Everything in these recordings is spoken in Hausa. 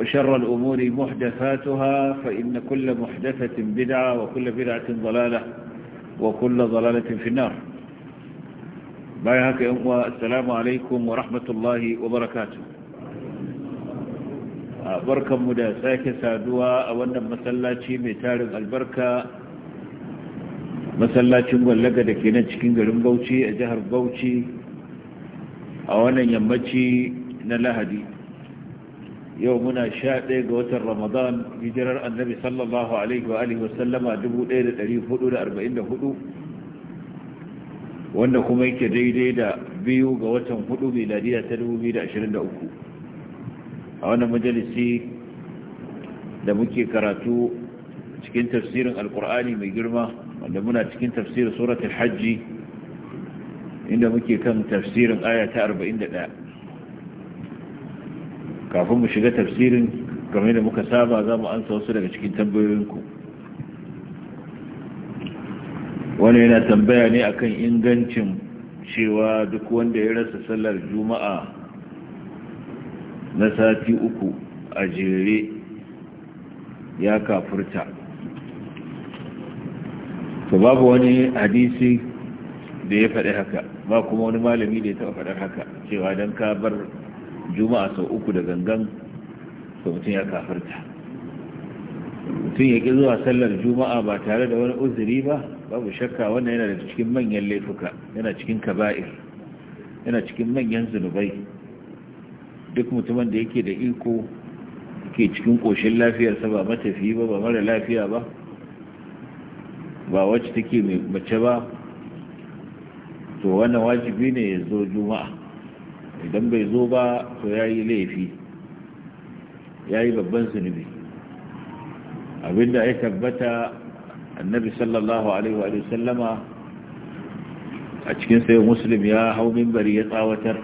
وشر الأمور محدثاتها فإن كل محدثة بدعة وكل بدعة ضلالة وكل ضلالة في النار بايهاك السلام عليكم ورحمة الله وبركاته بركة مداساك سادوا أولا مسلاتي ميتارب البركة مسلاتي مولقة دكينا تشكين قرم بوشي أجهر بوشي أولا يمتي نلاهدي yau muna sha ɗaya ga watan ramadan hijirar annabi sallallahu alaihi wa alihi wasallama 1444 wanda kuma yake daidai da biyu ga watan hudu miladiya ta 2023 a wannan majalisi da muke karatu cikin tafsirin alkur'ani mai girma wanda muna cikin tafsirin suratul hajji inda muke kan tafsirin aya ta 41 kafin mu shiga tafsirin game da muka saba za mu ansa wasu daga cikin tambayoyinku wani yana tambaya ne akan ingancin cewa duk wanda ya rasa sallar juma'a na sati uku a jere ya kafurta to babu wani hadisi da ya faɗi haka ba kuma wani malami da ya taɓa faɗar haka cewa don ka bar juma'a sau uku da gangan sau mutum ya kafarta mutum ya ƙi zuwa sallar juma'a ba tare da wani uzuri ba babu shakka wannan yana da cikin manyan laifuka yana cikin kaba'ir yana cikin manyan zunubai duk mutumin da yake da iko ke cikin ƙoshin lafiyarsa ba matafi ba ba mara lafiya ba ba wacce take mace ba to wannan wajibi ne ya zo juma'a idan bai zo ba to ya yi laifi ya yi babban zunubi abinda ya tabbata annabi sallallahu alaihi wa sallama a cikin sayo muslim ya hau mimbari ya tsawatar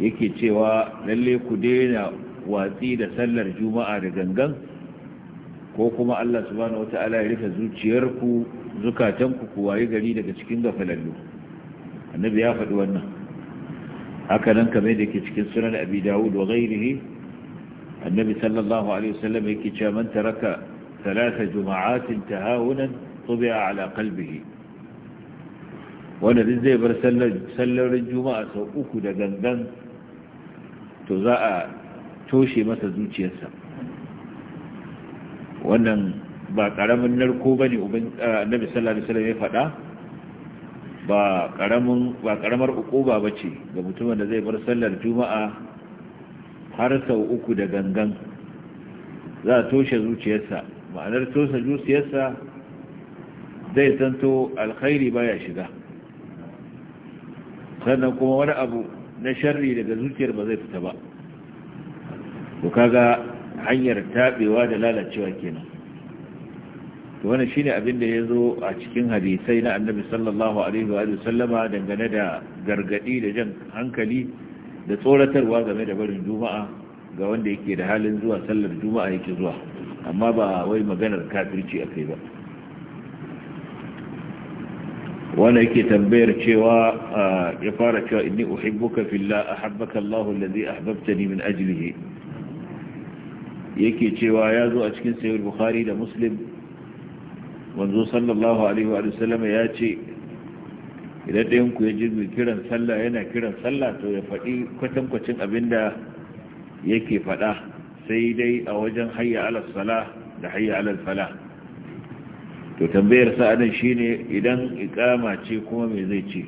yake cewa lalle ku daina watsi da sallar juma'a da gangan ko kuma allah subhanahu wata'ala ya rufe zuciyarku zukatanku ku yi gari daga cikin gafalallu annabi ya faɗi wannan haka nan kamar da ke cikin sunan abi dawud wa ghairihi annabi sallallahu alaihi wasallam yake cewa man taraka thalatha juma'atin tahawunan tubi'a ala qalbihi wanda duk zai bar Sallar juma'a sau uku da gangan to za a toshe masa zuciyarsa wannan ba karamin narko bane annabi sallallahu alaihi wasallam ya faɗa ba karamin ba karamar ukuba bace ga mutumin da zai bar sallar juma'a har sau uku da gangan za a toshe zuciyarsa ma'anar toshe zuciyarsa zai zanto alkhairi baya shiga sannan kuma wani abu na sharri daga zuciyar ba zai fita ba to kaga hanyar taɓewa da lalacewa kenan to wannan shine abin da zo a cikin hadisai na Annabi sallallahu alaihi wa sallama dangane da gargadi da jan hankali da tsoratarwa game da barin juma'a ga wanda yake da halin zuwa sallar juma'a yake zuwa amma ba wai maganar kafirci akai ba wanda yake tambayar cewa ya fara cewa inni uhibbuka fillah ahabbaka Allah alladhi ahbabtani min ajlihi yake cewa ya zo a cikin sahih bukhari da muslim manzo sallallahu alaihi wa sallam ya ce idan ɗayan ku ya mai kiran sallah yana kiran sallah to ya faɗi kwatankwacin abin da yake faɗa sai dai a wajen hayya alal sala da hayya alal sala to tambayar sa'adin shi shine idan ikama ce kuma me zai ce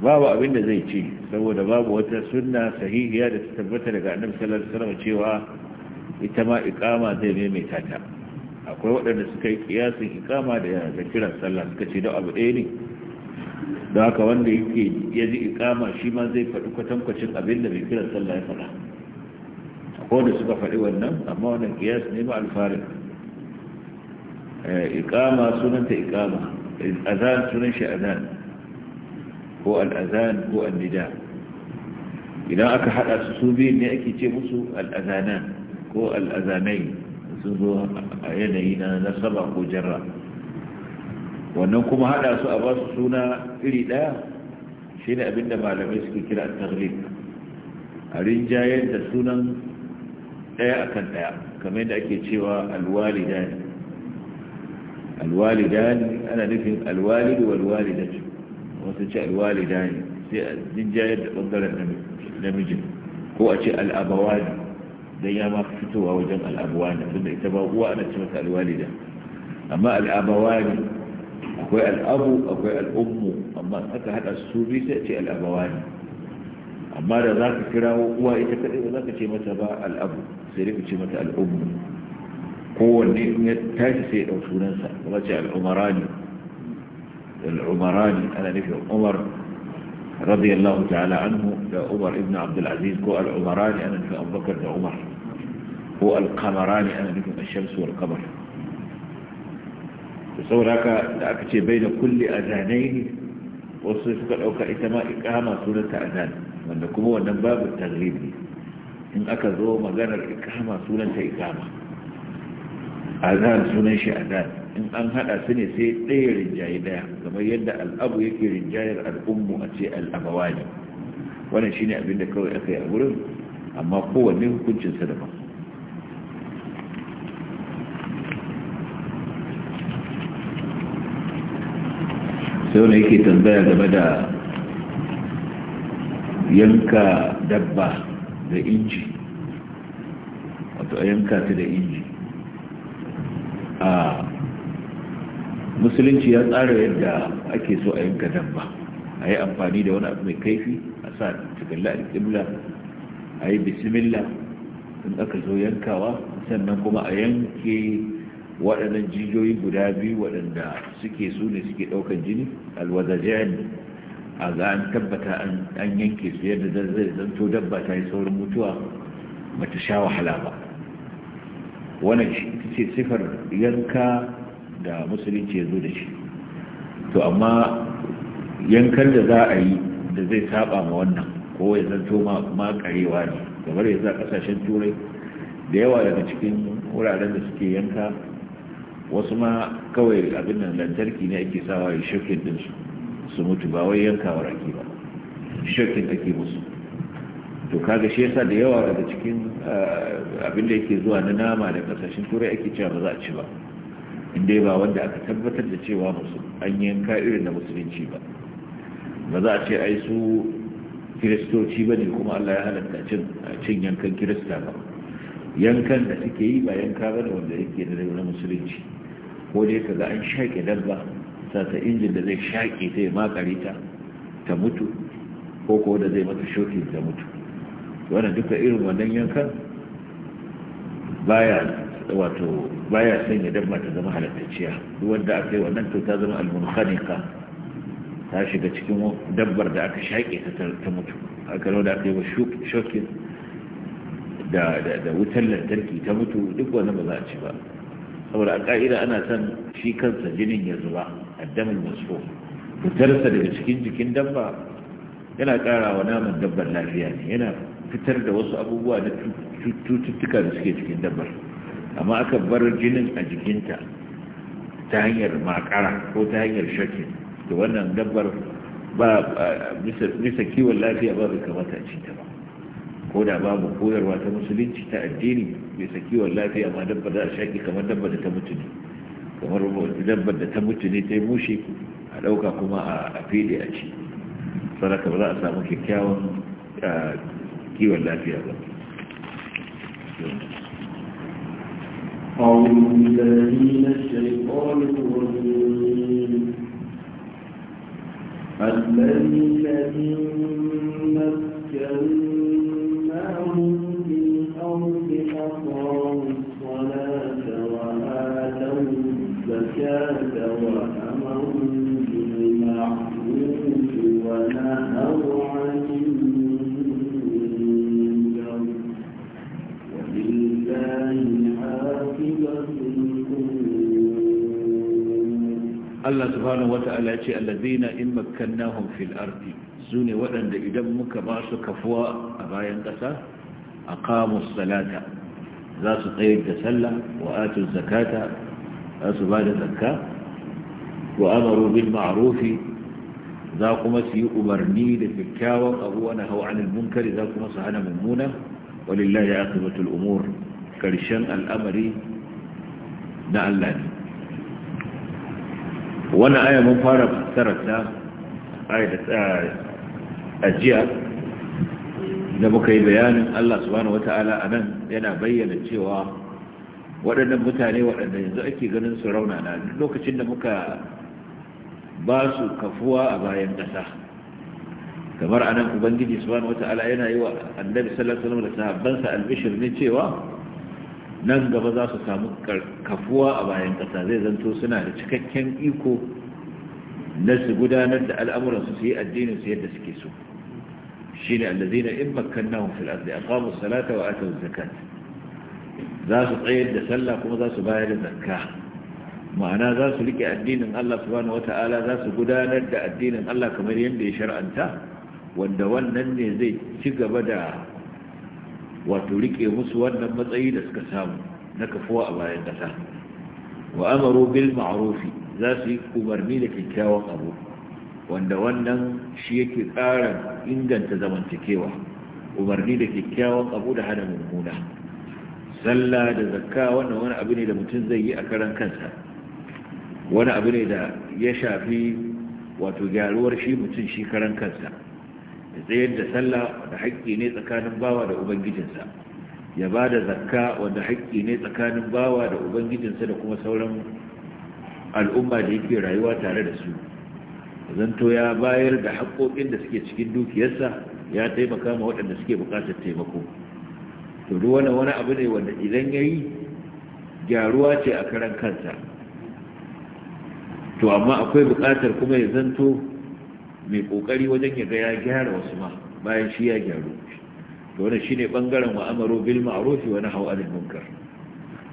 babu abin da zai ce saboda babu wata sunna sahihiya da ta tabbata daga annabi sallallahu alaihi wasallam cewa ita ma ikama zai maimaita ta akwai waɗanda suka yi kiyasin ikama da kiran sallah suka ce don abu ɗaya ne da haka wanda yake ya ji ikama shi ma zai faɗi kwatankwacin abin da mai kiran sallah ya faɗa akwai da suka faɗi wannan amma wannan kiyas ne ma alfarin eh, ikama sunanta ikama azan sunan shi azan ko al'azan ko annida idan aka haɗa su su biyu ne ake ce musu al'azanan ko al'azanai sun zo a yanayi na nasaba ko jarra wannan kuma hada su a basu suna iri daya shi ne abinda malamai suke kira taglib a rinjayen da sunan daya kan daya kamar yadda ake cewa alwalidani alwalidani ana nufin alwalidu walwalidatu wasu ce alwalidani sai a rinjayen da bangaren namijin ko a ce al'abawani dan ya ma fitowa wajen al'abuwani tunda ita ba uwa ana ce mata alwalida amma al'abawani akwai al'abu akwai al'ummu amma aka hada su biyu sai ce al'abawani amma da za ka kira uwa ita kaɗai ba za ka ce mata ba al'abu sai dai ka ce mata al'ummu kowanne in ya tashi sai ya ɗau sunansa ba ce al'umarani al'umarani ana nufin umar رضي الله تعالى عنه عمر ابن عبد العزيز هو العمران أنا نفهم أبو بكر ده عمر هو القمران أنا نفهم الشمس والقمر تصور هكا لأكتش بين كل أذانين وصفك الأوكا إتماء إقامة سنة أذان وأنكم هو النباب التغريب إن أكذو مغانا إقامة سنة إقامة أذان سنة أذان in an hada su ne sai ɗaya rinjaye ɗaya kamar yadda al'abu yake rinjayar al'ummu a ce al'abawani wannan shine abin da kawai aka yi a wurin amma kowanne hukuncinsa daban sai wani yake tambaya game da yanka dabba da inji wato a yanka ta da inji a ah, musulunci ya tsara yadda ake so a yanka dabba a yi amfani da wani abu mai kaifi a sa cikin la'ar alƙibla a yi bismillah in aka zo yankawa sannan kuma a yanke waɗannan jijiyoyi guda biyu waɗanda suke su ne suke ɗaukar jini alwazajen a ga an tabbata an yanke su yadda zai zanto dabba ta yi saurin mutuwa ba ta sha wahala ba wannan ita ce sifar yanka da musulunci ya zo da shi to amma yankan da za a yi da zai saba ma wannan ko ya zanto ma karewa ne kamar yanzu a kasashen turai da yawa daga cikin wuraren da suke yanka wasu ma kawai abin nan lantarki ne ake sawa ya shirkin din su mutu ba wai yankawar ake ba shirkin ake musu to kaga shi yasa da yawa daga cikin eh, abin da yake zuwa na nama da kasashen turai ake cewa ba za a ci ba inda ba wanda aka tabbatar da cewa an yanka irin na musulunci ba ba za a ce ai su kiristoci ba ne kuma allah ya halatta cin yankan kirista ba yankan da suke yi ba yanka ba da wanda yake da na musulunci ko dai ka ga an shaƙe dabba ta injin da zai shaƙe ta ya makare ta ta mutu ko ko da zai mata shoki ta mutu wannan duka irin wannan yankan baya wato baya ya dabba ta zama halattacciya duk wanda aka yi wannan to ta zama almunkhaniqa ta shiga cikin dabbar da aka shaƙe ta ta mutu aka rau da aka yi wa shokin da wutar lantarki ta mutu duk wani ba za a ci ba saboda a ƙa'ida ana son shi kansa jinin ya zuba a addamin masu fitarsa daga cikin jikin dabba yana ƙara wa naman dabbar lafiya ne yana fitar da wasu abubuwa na cututtuka da suke cikin dabbar amma aka bar jinin a jikinta ta hanyar makara ko ta hanyar shakin da wannan dabbar ba bisa kiwon lafiya ba bai kamata a cinta ba ko da babu koyarwa ta musulunci ta addini bisa kiwon lafiya ma dabba za a shaƙi kamar dabba da ta mutu ne kamar dabbar da ta mutu ne ta yi mushe a ɗauka kuma a fede a ci sanaka ba za a samu kyakkyawan ah, kiwon lafiya ba أعوذ بالله الشيطان الرجيم الذين إن مكناهم الصلاة وآتوا الزكاة وأمروا بالمعروف ونهوا Allah subhanahu wata'ala ya ce allazina in makkannahum fil ardi sune waɗanda idan muka ba su kafuwa a bayan ƙasa aqamus salata za su tsayar da sallah wa atu zakata za su ba da zakka wa amaru bil za kuma su yi umarni da kyakkyawan abu wani hau anil munkari za kuma su hana mummuna walillahi aqibatul umur karshen al'amari na Allah ne wani aya mun fara karanta aya da ajiya da muka yi bayanin Allah subhanahu wata'ala a nan yana bayyana cewa waɗannan mutane waɗanda yanzu ake ganin su raunana duk lokacin da muka ba su kafuwa a bayan ƙasa kamar a anan ubangiji subhanahu wata'ala yana yi wa annabi sallallahu alaihi wasallam da sahabbansa albishir ne cewa nan gaba za su samu kafuwa a bayan ƙasa zai zanto suna da cikakken iko na su gudanar da al'amuransu su yi addinin su yadda suke so shi ne allazina in makkannahum fil ardi aqamu salata wa atu zakat za su tsayar da sallah kuma za su bayar da zakka ma'ana za su rike addinin Allah subhanahu wata'ala za su gudanar da addinin Allah kamar yadda ya shar'anta wanda wannan ne zai ci gaba da wato rike musu wannan matsayi da suka samu na kafuwa a bayan ƙasa wa amaru bil ma'rufi za su yi umarni da kyakkyawan abu wanda wannan shi yake ƙara inganta zamantakewa umarni da kyakkyawan abu da hana mummuna sallah da zakka wannan wani abu ne da mutum zai yi a karan kansa wani abu ne da ya shafi wato gyaruwar shi mutum shi karan kansa Ya tsayar da sallah wanda haƙƙi ne tsakanin bawa da ubangijinsa ya ba da zakka wanda haƙƙi ne tsakanin bawa da ubangijinsa da kuma sauran al'umma da yake rayuwa tare da su zanto ya bayar da haƙƙoƙin da suke cikin dukiyarsa ya taimaka ma waɗanda suke buƙatar taimako to duk wani wani abu ne wanda idan ya yi gyaruwa ce a karan kansa to amma akwai buƙatar kuma ya zanto mai kokari wajen ya ga ya gyara wasu ma bayan shi ya gyaru to shine bangaren wa amaru bil ma'ruf wa nahaw anil munkar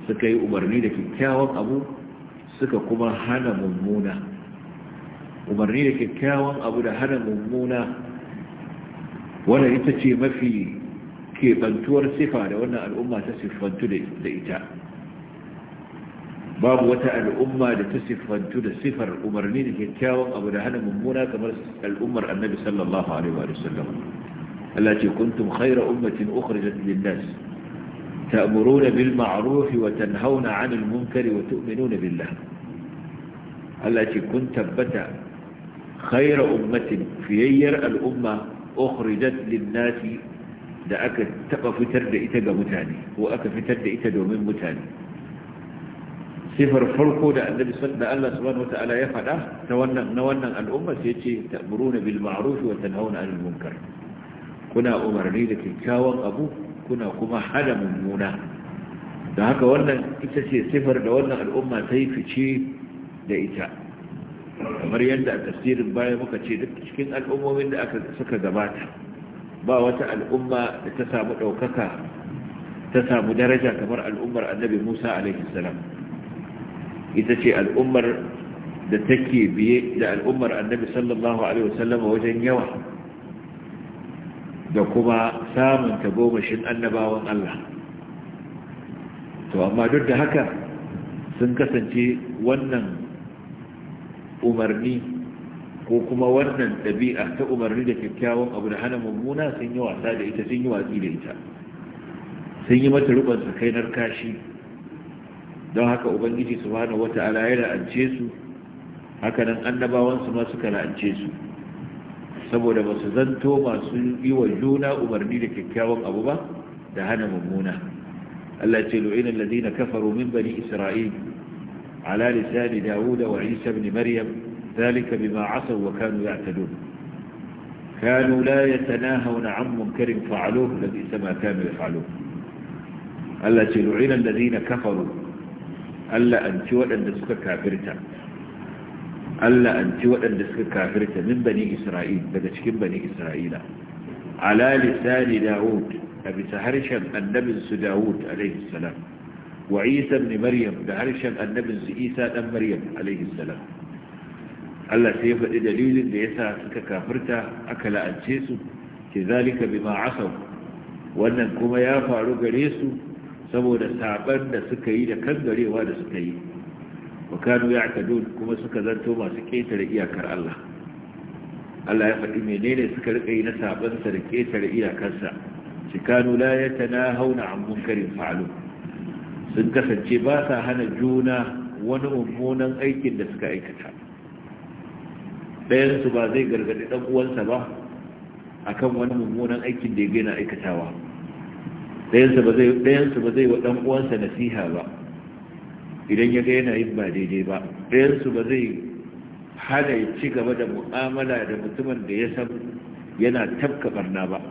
suka yi umarni da kyakkyawan abu suka kuma hana mummuna umarni da kyakkyawan abu da hana mummuna wanda ita ce mafi keɓantuwar sifa da wannan al'umma ta siffantu da ita babu wata al'umma da ta siffantu da sifar umarni da kyakkyawan abu da hana mummuna kamar al'ummar annabi sallallahu alaihi wa sallam Allah ce kuntum khayra ummatin ukhrijat lin-nas ta'muruna bil ma'ruf wa tanhauna 'anil munkari wa tu'minuna billah Allah ce kun tabbata khayra ummatin fiyayyar al'umma ukhrijat lin-nas da aka taba fitar da ita ga mutane ko aka fitar da ita domin mutane sifar farko da annabi da Allah subhanahu ya faɗa ta wannan na wannan al'umma sai ce ta'muruna bil ma'ruf wa tanhauna 'anil munkar kuna umarni da kyakkyawan abu kuna kuma hada mummuna da haka wannan ita ce sifar da wannan al'umma ta yi fice da ita kamar yadda a tafsirin baya muka ce duk cikin al'ummomin da aka suka gabata ba wata al'umma da ta samu ɗaukaka ta samu daraja kamar al'ummar annabi musa alaihi salam ita ce al'ummar da take biye da al'ummar annabi sallallahu alaihi wasallam wajen yawa da kuma samun tagomashin annabawan Allah to amma duk da haka sun kasance wannan umarni ko kuma wannan ɗabi'a ta umarni da kyakkyawan abu da hana mummuna sun yi wasa da ita sun yi watsi da ita sun yi mata rubansa kainar kashi don haka ubangiji subhanahu wata'ala ya ance su Hakanan annabawansu ma suka la'ance su saboda ba su zanto masu yi wa juna umarni da kyakkyawan abu ba da hana mummuna Allah ce lu'ina alladhina kafaru min bani isra'il ala lisani dawuda wa isa ibn maryam dhalika bima asaw wa kanu ya'tadun kanu la yatanahawna 'an munkarin fa'aluhu labisa ma kanu yaf'alun Allah ce lu'ina alladhina kafaru Allah an ci waɗanda suka kafirta Allah an ci waɗanda suka kafirta min bani Isra'il daga cikin bani Isra'ila ala lisani Dawud a bisa harshen annabin su Dawud alaihi salam wa Isa ibn Maryam da harshen annabin su Isa dan Maryam alaihi salam Allah sai ya faɗi dalilin da yasa suka kafirta aka la'ance su ke zalika bima asaw wannan kuma ya faru gare su saboda sabon da suka yi da kangarewa da suka yi wa kanu ya kuma suka zanto masu ƙetare iyakar Allah Allah ya faɗi menene suka rika yi na sabonsa da ƙetare iyakarsa shi kanu la ya tana hauna an munkarin fa'alu sun kasance ba sa hana juna wani mummunan aikin da suka aikata ɗayansu ba zai gargaɗi ɗan uwansa ba akan wani mummunan aikin da ya gina aikatawa ɗayansu ba zai wa ɗan uwansa nasiha ba idan ya ga yana yin ba daidai ba ɗayansu ba zai hada ya ci gaba da mu'amala da mutumin da ya san yana tafka barna ba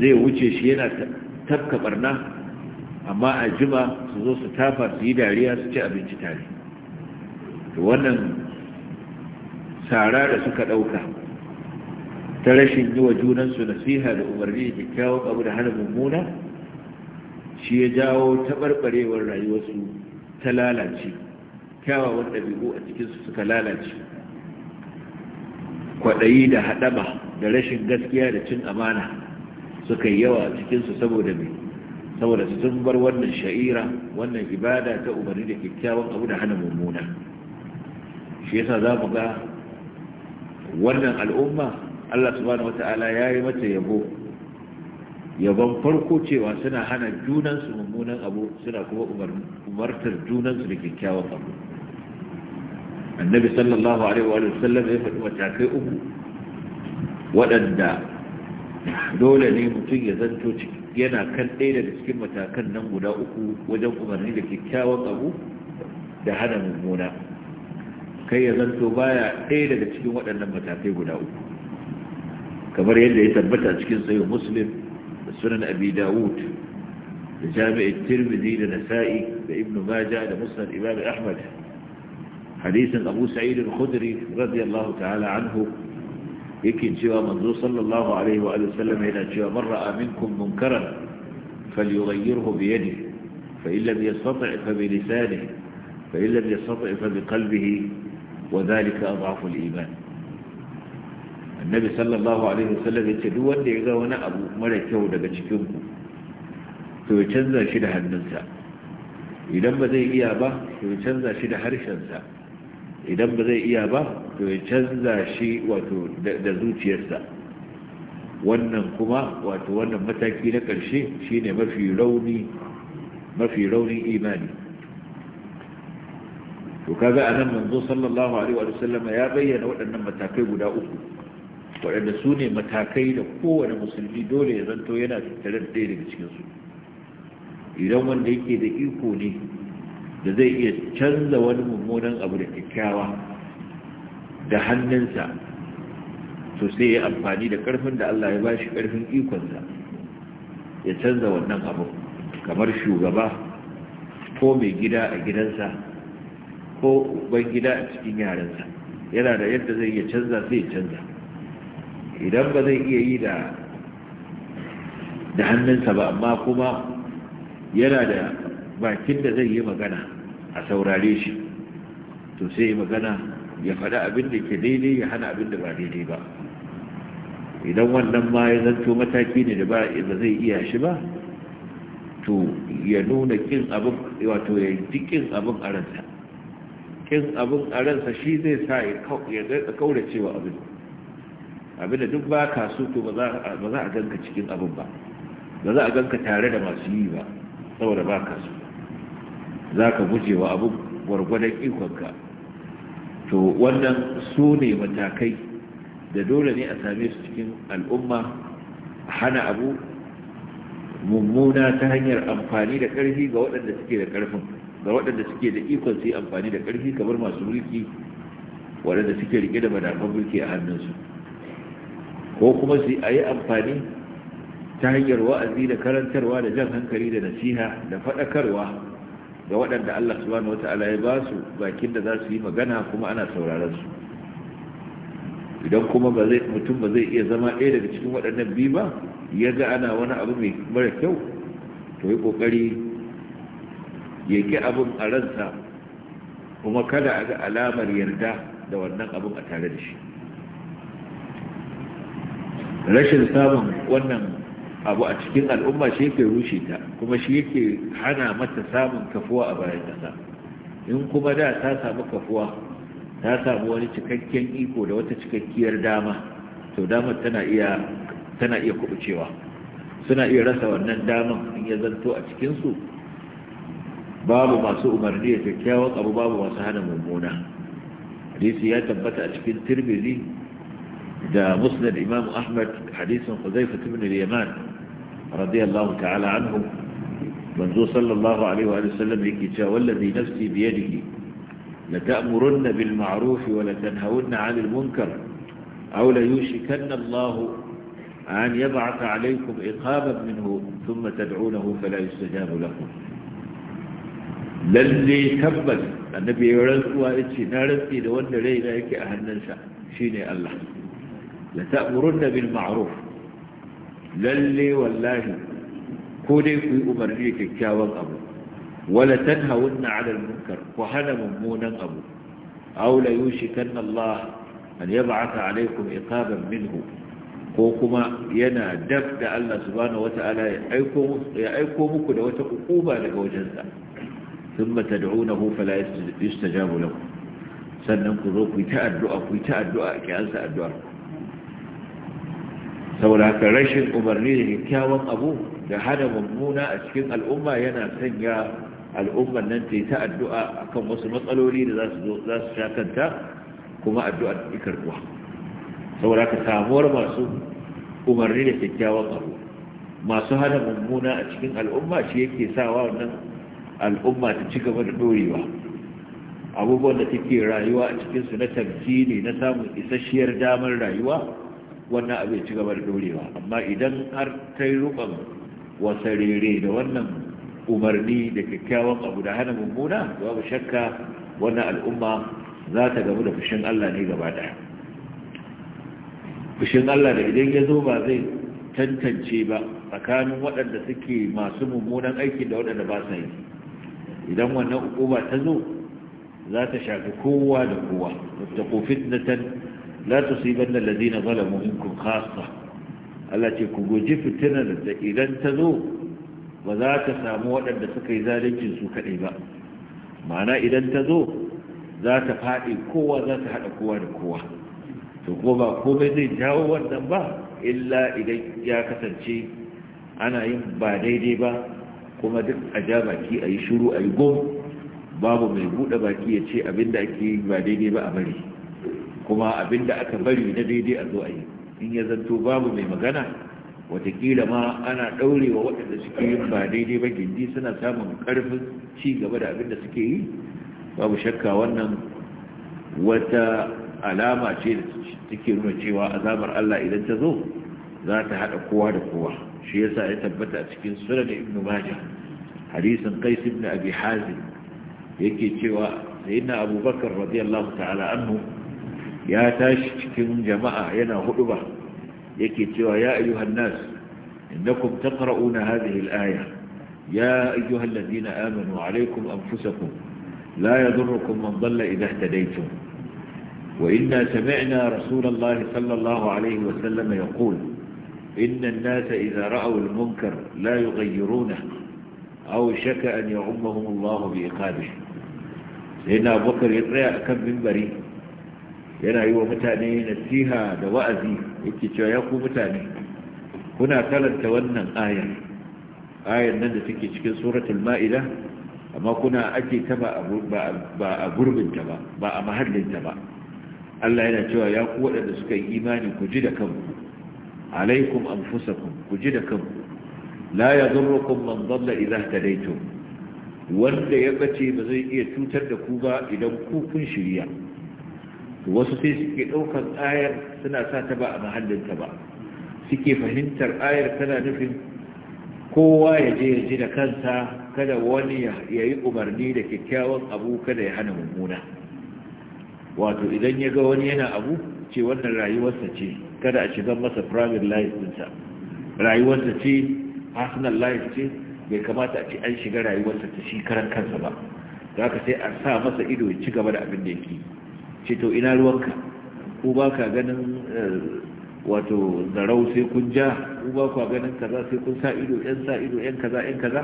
zai wuce shi yana tafka barna amma a jima su zo su tafa su yi dariya su ci abinci tare Da wannan tsara da suka ɗauka ta rashin yi wa junansu nasiha da umarni da kyakkyawan abu da hana mummuna shi ya jawo taɓarɓarewar rayuwarsu ta lalace kyawawan ɗabi'u a cikinsu suka lalace kwaɗayi da haɗama da rashin gaskiya da cin amana suka yi yawa a cikinsu saboda mai saboda sun bar wannan sha'ira wannan ibada ta umarni da kyakkyawan abu da hana mummuna shi yasa za mu ga wannan al'umma Allah subhanahu wata'ala ya yi mata yabo yabon farko cewa suna hana junansu mummunan abu suna kuma umartar junansu da kyakkyawan abu annabi sallallahu alaihi wa sallam ya faɗi matakai uku waɗanda dole ne mutum ya zanto yana kan ɗaya daga cikin matakan nan guda uku wajen umarni da kyakkyawan abu da hana mummuna kai ya zanto baya ɗaya daga cikin waɗannan matakai guda uku kamar yadda ya tabbata a cikin sayo muslim da sunan abi dawud da jami'in tirmidhi da nasa'i da ibn maja da musnad imam ahmad hadisin abu sa'id al-khudri radiyallahu ta'ala anhu yake cewa manzo sallallahu alaihi wa sallam yana cewa man ra'a minkum munkaran falyughayyirhu bi yadihi fa in lam yastati' fa bi lisanihi fa in lam yastati' fa bi qalbihi wa dhalika adhafu al-iman annabi sallallahu alaihi wasallam ya ce duk wanda ya ga wani abu mara kyau daga cikin ku to ya canza shi da hannunsa idan ba zai iya ba to ya canza shi da harshensa idan ba zai iya ba to ya canza shi wato da zuciyarsa wannan kuma wato wannan mataki na ƙarshe shine mafi rauni mafi raunin imani to kaga anan manzo sallallahu alaihi wa sallama ya bayyana waɗannan matakai guda uku waɗanda su ne matakai da kowane musulmi dole ya zanto yana tattare da ɗaya daga cikinsu idan wanda yake da iko ne da zai iya canza wani mummunan abu da kyakkyawa da hannunsa to sai ya amfani da ƙarfin da Allah ya ba shi ƙarfin ikonsa ya canza wannan abu kamar shugaba ko mai gida a gidansa ko ban gida a cikin yaransa yana da yadda zai iya canza sai ya canza idan ba zai iya yi da da hannunsa ba amma kuma yana da bakin da zai yi magana a saurare shi to sai yi magana ya faɗa abin da ke daidai ya hana abin da ba daidai ba idan wannan ma ya zanto mataki ne da ba zai iya shi ba to ya nuna kin abin wato ya ji kin abin a ransa kin abin a ransa shi zai sa ya kaurace wa abin abinda duk ba ka so to ba za a ganka cikin abin ba ba za a ganka tare da masu yi ba saboda ba ka so za ka guje wa abin gwargwadon ikonka to wannan su ne matakai da dole ne a same su cikin al'umma hana abu mummuna ta hanyar amfani da ƙarfi ga waɗanda suke da ƙarfin ga waɗanda suke da ikon su yi amfani da ƙarfi kamar masu mulki waɗanda suke riƙe da madafan mulki a hannunsu ko kuma su a yi amfani ta hanyar wa'azi da karantarwa da jan hankali da nasiha da faɗakarwa ga waɗanda Allah subhanahu wata'ala ya ba su bakin da za su yi magana kuma ana sauraron su idan kuma mutum ba zai iya zama ɗaya daga cikin waɗannan biyu ba ya ga ana wani abu mai mara kyau to yi ƙoƙari ya ƙi abin a ransa kuma kada a ga alamar yarda da wannan abin a tare da shi rashin samun wannan abu a cikin al'umma shi yake rushe ta kuma shi yake hana mata samun kafuwa a bayan ƙasa in kuma da ta samu kafuwa ta samu wani cikakken iko da wata cikakkiyar dama to damar tana iya tana iya kubucewa suna iya rasa wannan damar in ya zanto a cikinsu babu masu umarni da kyakkyawan abu babu masu hana mummuna hadisi ya tabbata a cikin tirmidhi ده مسند الإمام أحمد حديث حذيفة بن اليمان رضي الله تعالى عنه منذ صلى الله عليه وآله وسلم يكي والذي نفسي بيده لتأمرن بالمعروف ولتنهون عن المنكر أو ليوشكن الله أن يبعث عليكم إقابا منه ثم تدعونه فلا يستجاب لكم لذي تبت النبي ya rantsuwa نارتي لو ان rantsi da wanda rai na لتأمرن بالمعروف للي والله كوني في أمرني كيكاوة أبو ولتنهون على المنكر وهنا ممونا أبو أو ليوشكن الله أن يبعث عليكم إقابا منه وكما ينا دفت ألا سبحانه وتعالى يأيكم كل وتقوبا لك وجزا ثم تدعونه فلا يستجاب لكم سننقذوك ويتأدؤك ويتأدؤك يأسأدؤكم saboda haka rashin umarni da kyakkyawan abu da hana mummuna a cikin al'umma yana sanya al'ummar nan ta yi ta addu'a akan wasu matsaloli da za su sha kanta kuma addu'ar da saboda haka samuwar masu umarni da kyakkyawan abu masu hana mummuna a cikin al'umma shi yake sawa wannan al'umma ta ci gaba da ɗorewa. abubuwan da take rayuwa a cikinsu na ne na samun isasshiyar damar rayuwa wannan abu ya ci gaba da dorewa amma idan har ta yi rukan wasarere da wannan umarni da kyakkyawan abu da hana mummuna babu shakka wannan al'umma za ta gamu da fushin Allah ne gaba daya fushin Allah da idan ya zo ba zai tantance ba tsakanin waɗanda suke masu mummunan aiki da waɗanda ba sa yi idan wannan hukuma ta zo za ta shafi kowa da kowa ta fitnatan la tusibanna allazina zalamu minkum khassa Allah ce ku guji fitinar da idan ta zo ba za ta samu waɗanda suka yi zalincin su kaɗai ba ma'ana idan ta zo za ta faɗi kowa za ta haɗa kowa da kowa to ko ba komai zai jawo wannan ba illa idan ya kasance ana yin ba daidai ba kuma duk a ja baki a yi shuru a yi gom babu mai buɗe baki ya ce abinda ake yi ba daidai ba a bari kuma abinda aka bari na daidai a zo a yi in ya zanto babu mai magana watakila ma ana ɗaurewa waɗanda suke yin ba daidai ba gindi suna samun ƙarfin ci gaba da abinda suke yi babu shakka wannan wata alama ce da take nuna cewa azabar Allah idan ta zo za ta haɗa kowa da kowa shi yasa ya tabbata a cikin sunan ibn majah hadisin qais ibn abi hazim yake cewa sayyidina abubakar radiyallahu ta'ala anhu ya tashi cikin jama'a yana hudu ba yake cewa ya ayyuhan nas innakum taqra'una hadhihi al-aya ya ayyuhal ladina amanu alaykum anfusakum la yadurrukum man dhalla idha ihtadaytum wa inna sami'na rasulallahi sallallahu alayhi wa sallam yaqul inna an-nasa idha ra'aw al-munkar la yughayyirunahu أو شك أن يعمهم الله بإقابه سيدنا أبو بكر يطرع كم منبري yana yi wa mutane nasiha da wa'azi yake cewa ya ku mutane kuna karanta wannan ayar ayar nan da take cikin suratul ma'ida amma kuna ake ta ba a gurbinta ba ba a mahallinta ba Allah yana cewa ya ku waɗanda suka yi imani ku ji da kanku alaikum anfusakum ku ji da kanku la kun man dalla idha tadaytum wanda ya bace ba zai iya cutar da ku ba idan ku kun shirya wasu sai suke ɗaukar ayar suna sa ta ba a mahallinta ba suke fahimtar ayar tana nufin kowa ya je ya ji da kansa kada wani ya yi umarni da kyakkyawan abu kada ya hana mummuna wato idan ya ga wani yana abu ce wannan rayuwarsa ce kada a shigar masa private life dinsa rayuwarsa ce personal life ce bai kamata a ce an shiga rayuwarsa ta shi karan kansa ba za ka sai a sa masa ido ya ci gaba da abin da yake ce to ina ruwanka ko ba ka ganin eh, wato zarau sai kun ja ko ba ka ganin kaza sai kun sa ido yan sa ido yan kaza yan kaza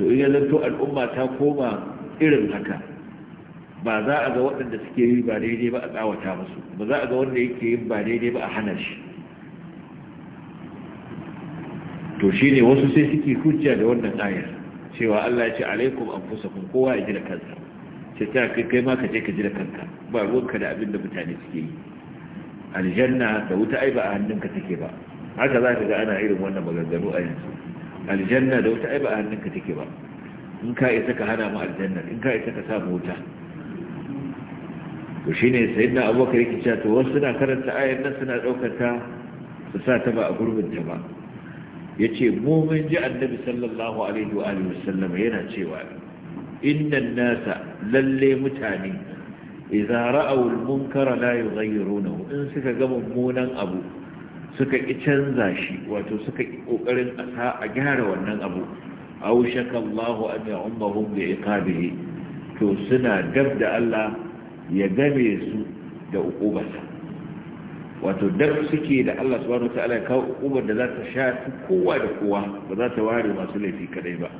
to in ya to al'umma ta koma irin haka ba za a ga waɗanda suke yi ba daidai ba a tsawata musu ba za a ga wanda yake yin ba daidai ba a hana shi to shi ne wasu sai suke hujja da wannan ayar cewa Allah ya ce alaikum anfusakum kowa ya ji da kansa Sai ta kai ma ka je ka ji da kanka ba ruwanka da abin da mutane suke yi aljanna da wuta ai ba a hannunka take ba haka za ka ga ana irin wannan maganganu a yanzu aljanna da wuta ai ba a hannunka take ba in ka isa ka hana mu aljanna in ka isa ka sa mu wuta to shine sayyidina abubakar yake cewa to wasu suna karanta ayar nan suna daukar ta su sa ta ba a gurbin ta ba yace mu mun ji annabi sallallahu alaihi wa alihi wasallam yana cewa innan nasa lalle mutane idza ra'aw al-munkara la yughayyirunahu in suka ga mummunan abu suka ki canza shi wato suka ki kokarin asa a gyara wannan abu aw shaka Allahu an yu'ammahum bi iqabihi to suna dab da Allah ya game su da ukubarsa wato dab suke da Allah subhanahu wa ta'ala ya kawo ukubar da za ta sha kowa da kowa ba za ta ware masu laifi kadai ba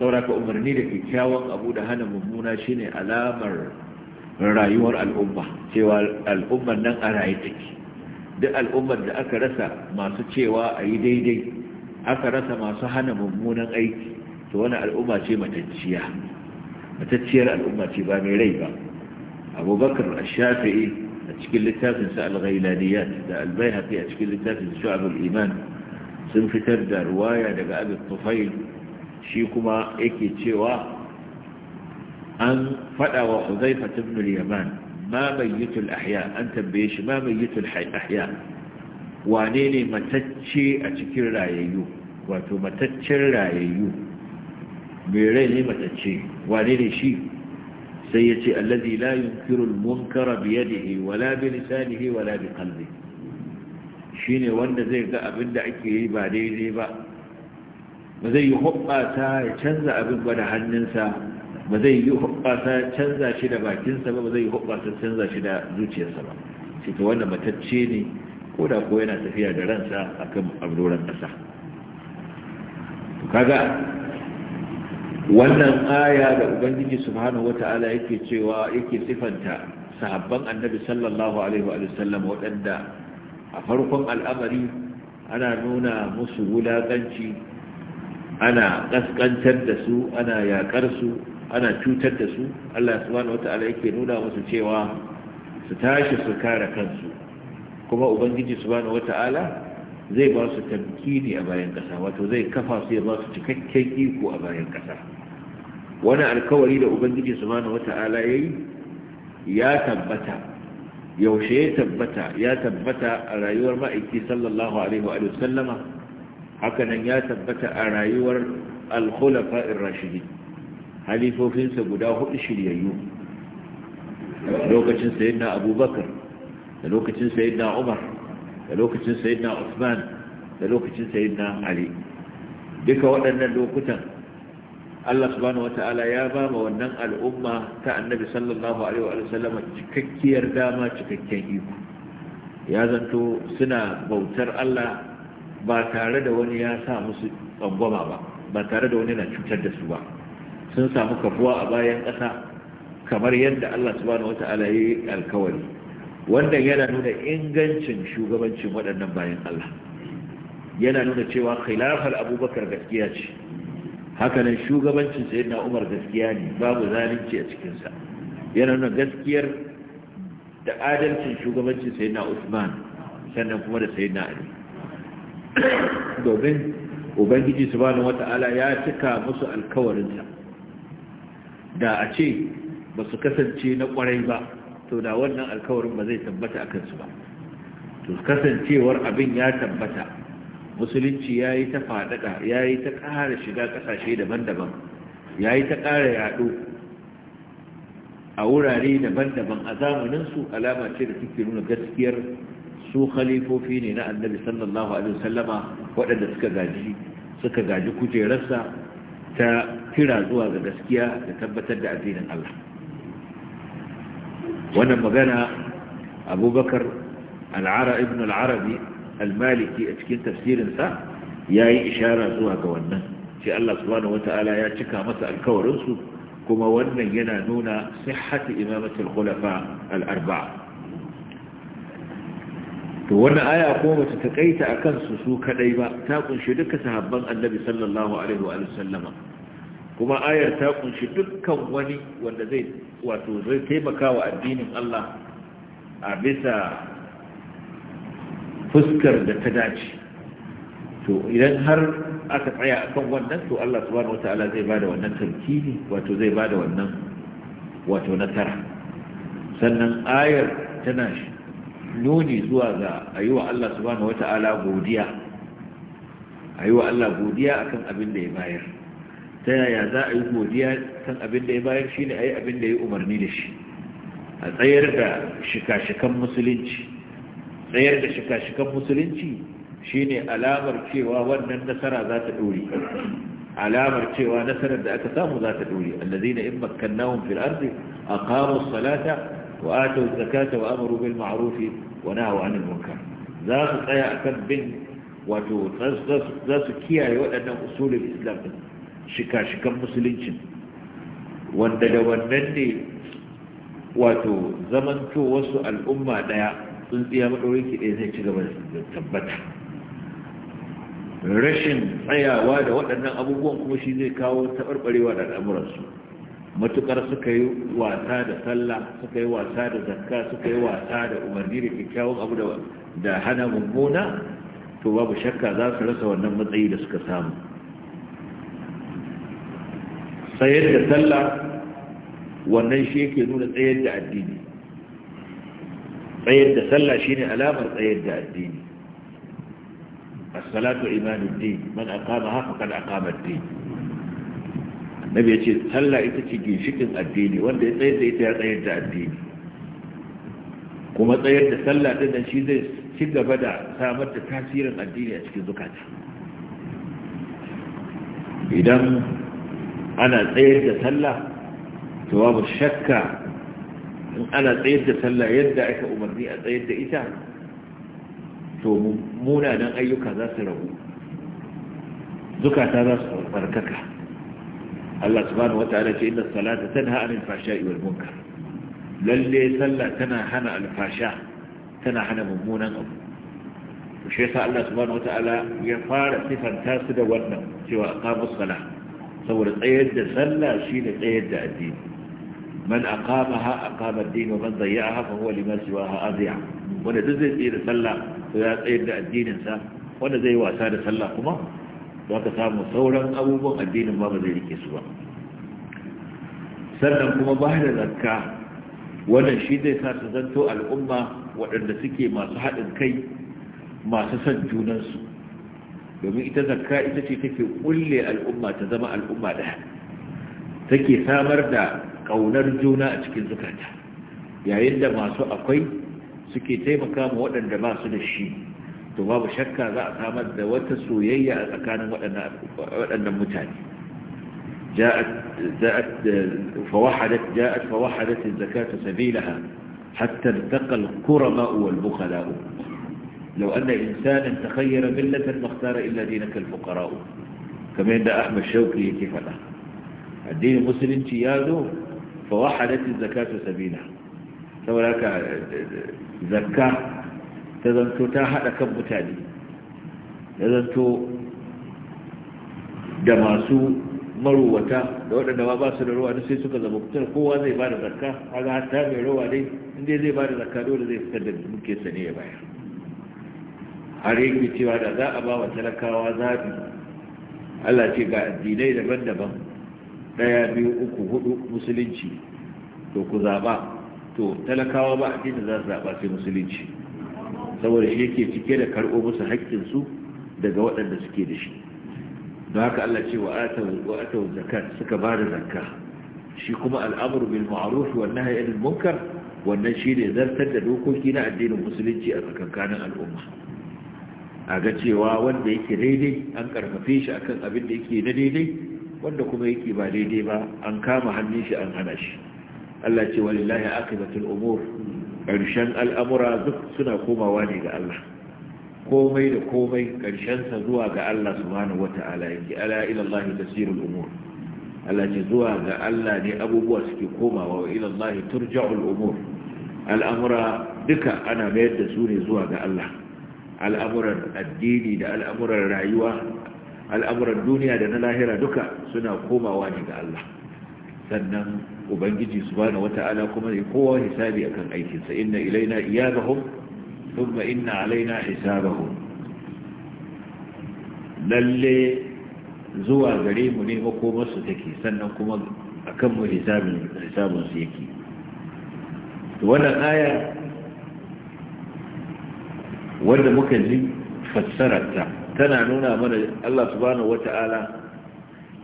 sauraka umarni da kyakkyawan abu da hana mummuna shine alamar rayuwar al'umma cewa al'ummar nan a raye take duk al'ummar da aka rasa masu cewa a yi daidai aka rasa masu hana mummunan aiki to wani al'umma ce matacciya matacciyar al'umma ce ba mai rai ba abubakar shafi'i a cikin littafinsa al-ghailaniyat da Albai baihaqi a cikin littafin shu'abul iman sun fitar da ruwaya daga abin tufail shi kuma yake cewa an faɗa wa huzaifa ibn al-yaman ma mayyitul ahya an tambaye shi ma mayyitul ahya wane ne matacce a cikin rayayyu wato mataccen rayayyu mai rai ne matacce wane ne shi sai ya ce allazi la yunkiru al-munkara bi yadihi wala bi lisanihi wala bi qalbihi shine wanda zai ga abinda ake yi ba daidai ba ba zai yi hoɓɓasa ya canza abin ba da hannunsa ba zai yi hoɓɓasa canza shi da bakinsa ba ba zai yi hoɓɓasa canza shi da zuciyarsa ba shi wannan matacce ne ko da ko yana tafiya da ransa a kan abdoran ƙasa kaga wannan aya da ubangiji subhanahu wata'ala yake cewa yake sifanta sahabban annabi sallallahu alaihi wa sallam waɗanda a farkon al'amari ana nuna musu wulaƙanci ana kaskantar da su ana yakar su ana cutar da su Allah subhanahu wata'ala yake nuna musu cewa su tashi su kare kansu kuma ubangiji subhanahu wata'ala zai ba su tamkini a bayan kasa wato zai kafa su ya ba su cikakken iko a bayan kasa wani alkawari da ubangiji subhanahu wata'ala yayi ya tabbata yaushe ya tabbata ya tabbata a rayuwar ma'aiki sallallahu alaihi wa sallama hakanan ya tabbata a rayuwar al-khulafa rashidi halifofinsa guda hudu shiryayyu lokacin sayyidina abubakar da lokacin sayyidina umar da lokacin sayyidina usman da lokacin sayyidina ali duka waɗannan lokutan Allah subhanahu wata'ala ya ba ma wannan al'umma ta annabi sallallahu alaihi wa sallama cikakkiyar dama cikakken iko ya zanto suna bautar Allah ba tare da wani ya sa musu tsangwama ba ba tare da wani na cutar da su ba sun samu kafuwa a bayan ƙasa kamar yadda Allah subhanahu wata'ala ya yi alkawari wanda yana nuna ingancin shugabancin waɗannan bayan Allah yana nuna cewa khilafar abubakar gaskiya ce hakanan shugabancin na umar gaskiya ne babu zalunci a cikinsa yana nuna gaskiyar da adalcin shugabancin na usman sannan kuma da na ali domin ubangiji bani wata'ala ya cika musu alkawarinsa da a ce ba su kasance na kwarai ba to da wannan alkawarin ba zai tabbata a kansu ba to kasancewar abin ya tabbata musulunci ya yi ta faɗaɗa ya yi ta kara shiga ƙasashe daban-daban ya yi ta ƙara yaɗo a wurare daban-daban a zamaninsu alama ce da suke nuna gaskiyar su khalifofi ne na annabi sallallahu alaihi wasallama waɗanda suka gaji suka gaji kujerarsa ta kira zuwa ga gaskiya da tabbatar da addinin Allah wannan magana abubakar al'ara ibn al'arabi al-maliki a cikin tafsirinsa ya yi ishara zuwa ga wannan ce Allah subhanahu wata'ala ya cika masa alkawarinsu kuma wannan yana nuna sihhati imamatul khulafa al-arba'a to wannan aya ko bata kaita akan su su kadai ba ta kunshi duka sahabban annabi sallallahu alaihi wa sallama kuma ayar ta kunshi dukkan wani wanda zai wato zai taimaka wa addinin Allah a bisa fuskar da ta dace to idan har aka tsaya akan wannan to Allah subhanahu wataala zai bada wannan tarkibi wato zai bada wannan wato nasara sannan ayar tana shi. nuni zuwa ga a yi wa Allah subhanahu wa ta'ala godiya a yi wa Allah godiya a kan abin da ya bayar ta yaya za a yi godiya kan abin da ya bayar shi ne a yi abin da ya umarni da shi a tsayar da shika-shikan musulunci tsayar da shika-shikan musulunci shi ne alamar cewa wannan nasara za ta ɗore alamar cewa nasarar da aka samu za ta ɗore allazina in makkannahum fil ardi aqamu as-salata وآتوا الزكاة وأمروا بالمعروف ونهوا عن المنكر ذات قيا كبن وتو ذات كيا يؤدن أصول الإسلام شكا شكا مسلمين wanda da wannan ne wato zamanto wasu al'umma daya tsaya maɗaurinki ɗaya zai ci gaba da tabbata rashin tsayawa da waɗannan abubuwan kuma shi zai kawo taɓarɓarewa da al'amuransu matukar suka yi wasa da sallah suka yi wasa da zakka suka yi wasa da umarni da kyakkyawan abu da hana mummuna to babu shakka za su rasa wannan matsayi da suka samu Tsayar da sallah wannan shi yake nuna tsayar da addini tsayar da sallah shi ne alamar tsayar da addini as-salatu din, man aqama ha kan aqama ad-din nabi ya ce sallah ita ce ginshikin addini wanda ya tsayar da ita ya tsayar da addini kuma tsayar da sallah ɗin nan shi zai ci gaba da samar da tasirin addini a cikin zukata idan ana tsayar da sallah to babu shakka in ana tsayar da sallah yadda aka umarni a tsayar da ita to munanan ayyuka za su rabu zukata za su tsarkaka Allah subhanahu wataala ce inna salata tanha anil fahsha'i wal munkar lalle sallah tana hana alfasha tana hana mummunan abu to shi yasa Allah subhanahu wataala ya fara sifanta su da wannan cewa aqamu salah saboda tsayar da sallah shine tsayar da addini man aqamaha aqama ad-din wa man dayya'aha fa huwa liman siwaha adhi'a wanda duk zai tsira sallah to ya tsayar da addinin sa wanda zai wasa da sallah kuma za ka samu sauran abubuwan addinin ba ba zai rike su ba sannan kuma ba da zakka wannan shi zai sa su zanto al'umma waɗanda suke masu haɗin kai masu son junansu domin ita zakka ita ce take kulle al'umma ta zama al'umma ɗaya take samar da ƙaunar juna a cikin zukata yayin da masu akwai suke taimaka ma waɗanda ba su da shi to babu shakka za a samar da wata soyayya a tsakanin waɗannan mutane جاءت, جاءت فوحدت جاءت فوحدت الزكاة سبيلها حتى التقى الكرماء والبخلاء لو أن إنسانا تخير ملة ما اختار إلا دينك الفقراء كما عند أحمد شوقي كيف الدين المسلم تياده فوحدت الزكاة سبيلها سولاك زكاة تزنتو تاهد لك متالي تزنتو دماسو maruwata da waɗanda ba su da ruwa sai suka zama fitar kowa zai ba da zakka ga hata mai ruwa dai inda zai ba da zakka dole zai fitar da muke sane ya baya har yake cewa da za a ba wa talakawa zaɓi Allah ce ga addinai daban-daban ɗaya biyu uku hudu musulunci to ku zaɓa to talakawa ba addini za su zaɓa sai musulunci saboda shi yake cike da karɓo musu haƙƙinsu daga waɗanda suke da shi don haka Allah ce wa atau zakat suka ba da zakka shi kuma al'amur bil ma'ruf wa nahyi anil munkar wannan shi ne zartar da dokoki na addinin musulunci a tsakankanin al'umma a ga cewa wanda yake daidai an karfafe shi akan abin da yake na daidai wanda kuma yake ba daidai ba an kama hannun shi an hana shi Allah ce walillahi aqibatul umur ƙarshen al'amura duk suna komawa ne ga Allah komai da komai sa zuwa ga Allah subhanahu wata'ala yake ala ila Allah tasirul umur Allah ce zuwa ga Allah ne abubuwa suke komawa wa ila Allah turja'ul umur al'amura duka ana mayar da su ne zuwa ga Allah al'amuran addini da al'amuran rayuwa al'amuran duniya da na lahira duka suna komawa ne ga Allah sannan ubangiji subhanahu wata'ala kuma ne kowa hisabi akan aikinsa inna ilaina iyabahum ثم إن علينا حسابهم lalle zuwa gare mu ne makomarsu sannan kuma a kanmu hisabinsu yake wannan aya wanda muka ji fassararta tana nuna mana Allah subhanahu wata'ala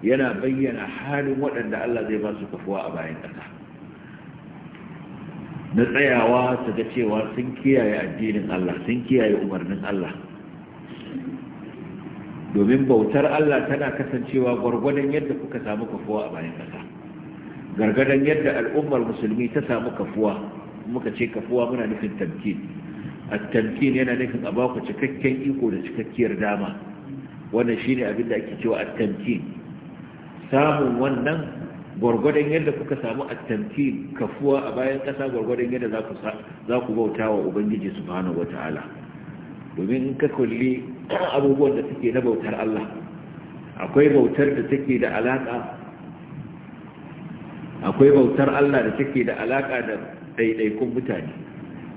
yana bayyana halin waɗanda Allah zai ba su kafuwa a bayan ƙasa na tsayawa su ga cewa sun kiyaye addinin Allah sun kiyaye umarnin Allah domin bautar Allah tana kasancewa gwargwadon yadda kuka samu kafuwa a bayan ƙasa gargadon yadda al'ummar musulmi ta samu kafuwa muka ce kafuwa muna nufin tamkin a tamkin yana nufin a baku cikakken iko da cikakkiyar dama wannan shine abin da ake cewa a tamkin samun wannan gwargwadon yadda kuka samu attamki kafuwa a bayan ƙasa gwargwadon yadda za ku bauta wa ubangiji subhanahu wata'ala domin ka kulli abubuwan da suke na bautar Allah akwai bautar da take da alaƙa akwai bautar Allah da take da alaƙa da ɗaiɗaikun mutane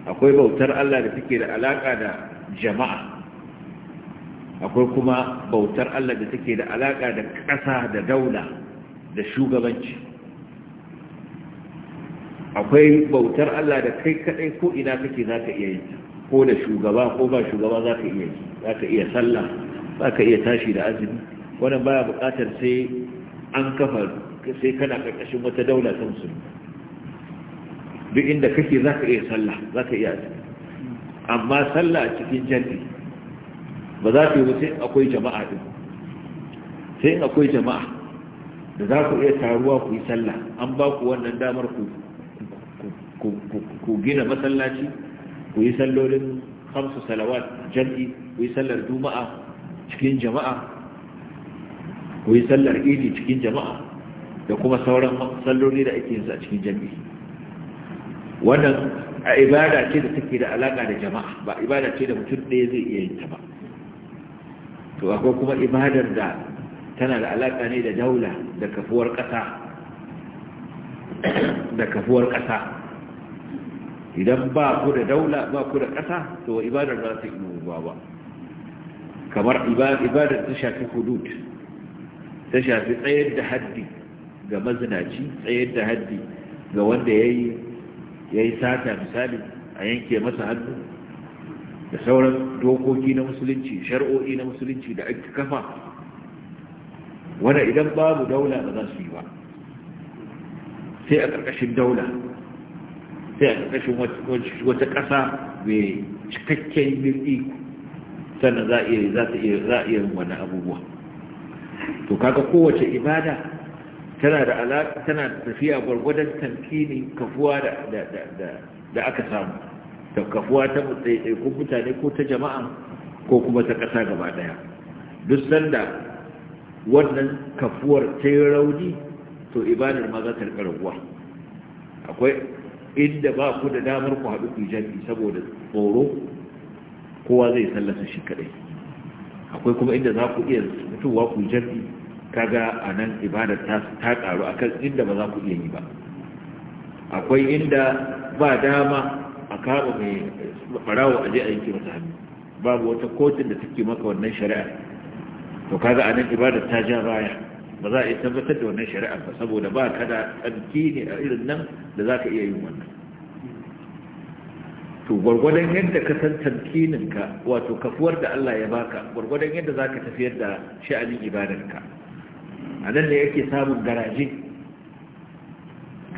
akwai bautar Allah da take da alaƙa da jama'a akwai kuma bautar Allah da take da alaƙa da ƙasa da daula da shugabanci akwai bautar Allah da kai kadai ko ina kake zaka iya yi ko da shugaba ko ba shugaba zaka iya yi zaka iya sallah zaka iya tashi da azumi wannan baya bukatar sai an kafa sai kana karkashin wata daula ta musulmi duk inda kake zaka iya sallah zaka iya azumi amma sallah cikin jami'i ba za ta yi ba sai akwai jama'a din sai akwai jama'a da za ku iya taruwa ku yi sallah an ba ku wannan damar ku gina masallaci ku yi sallolin hamsu salawat jam'i ku yi sallar juma'a cikin jama'a ku yi sallar idi cikin jama'a da kuma sauran salloli da ake yinsu a cikin jam'i wannan a ibada ce da take da alaƙa da jama'a ba ibada ce da mutum ɗaya zai iya yin ta ba to akwai kuma ibadar da tana da alaƙa ne da daula da kafuwar ƙasa da kafuwar ƙasa idan ba ku da daula ba ku da ƙasa to ibadar za su yi ba ba kamar ibadar ta shafi hudud ta shafi tsayar da haddi ga mazinaci tsayar da haddi ga wanda ya yi sata misali a yanke masa hannu da sauran dokoki na musulunci shar'o'i na musulunci da aka kafa wanda idan babu daula ba za su yi ba sai a ƙarƙashin daula sai a ƙarƙashin wata ƙasa mai cikakken mulki sannan za a iya yin wani abubuwa to kaga kowace ibada tana da alaƙa tana tafiya gwargwadon tankini kafuwa da aka samu da kafuwa ta ɗaiɗaikun mutane ko ta jama'a ko kuma ta ƙasa gaba ɗaya duk sanda wannan kafuwar ta yi rauni to ibadar ma za ta rika raguwa akwai inda ba ku da damar ku haɗu ku jami saboda tsoro kowa zai sallasa shi kaɗai akwai kuma inda za ku iya mutuwa ku jami kaga a nan ibadar ta ƙaru a kan inda ba za ku iya yi ba akwai inda ba dama a kama mai a aje a yanke masa hannu babu wata kotun da take maka wannan shari'a to kaga anan ibadar ta ja baya ba za a yi tabbatar da wannan shari'a ba saboda ba ka da tsarki ne a irin nan da za ka iya yin wannan to gwargwadon yadda ka san tamkininka wato kafuwar da Allah ya baka gwargwadon yadda za ka tafiyar da sha'anin ibadarka a nan ne yake samun garaje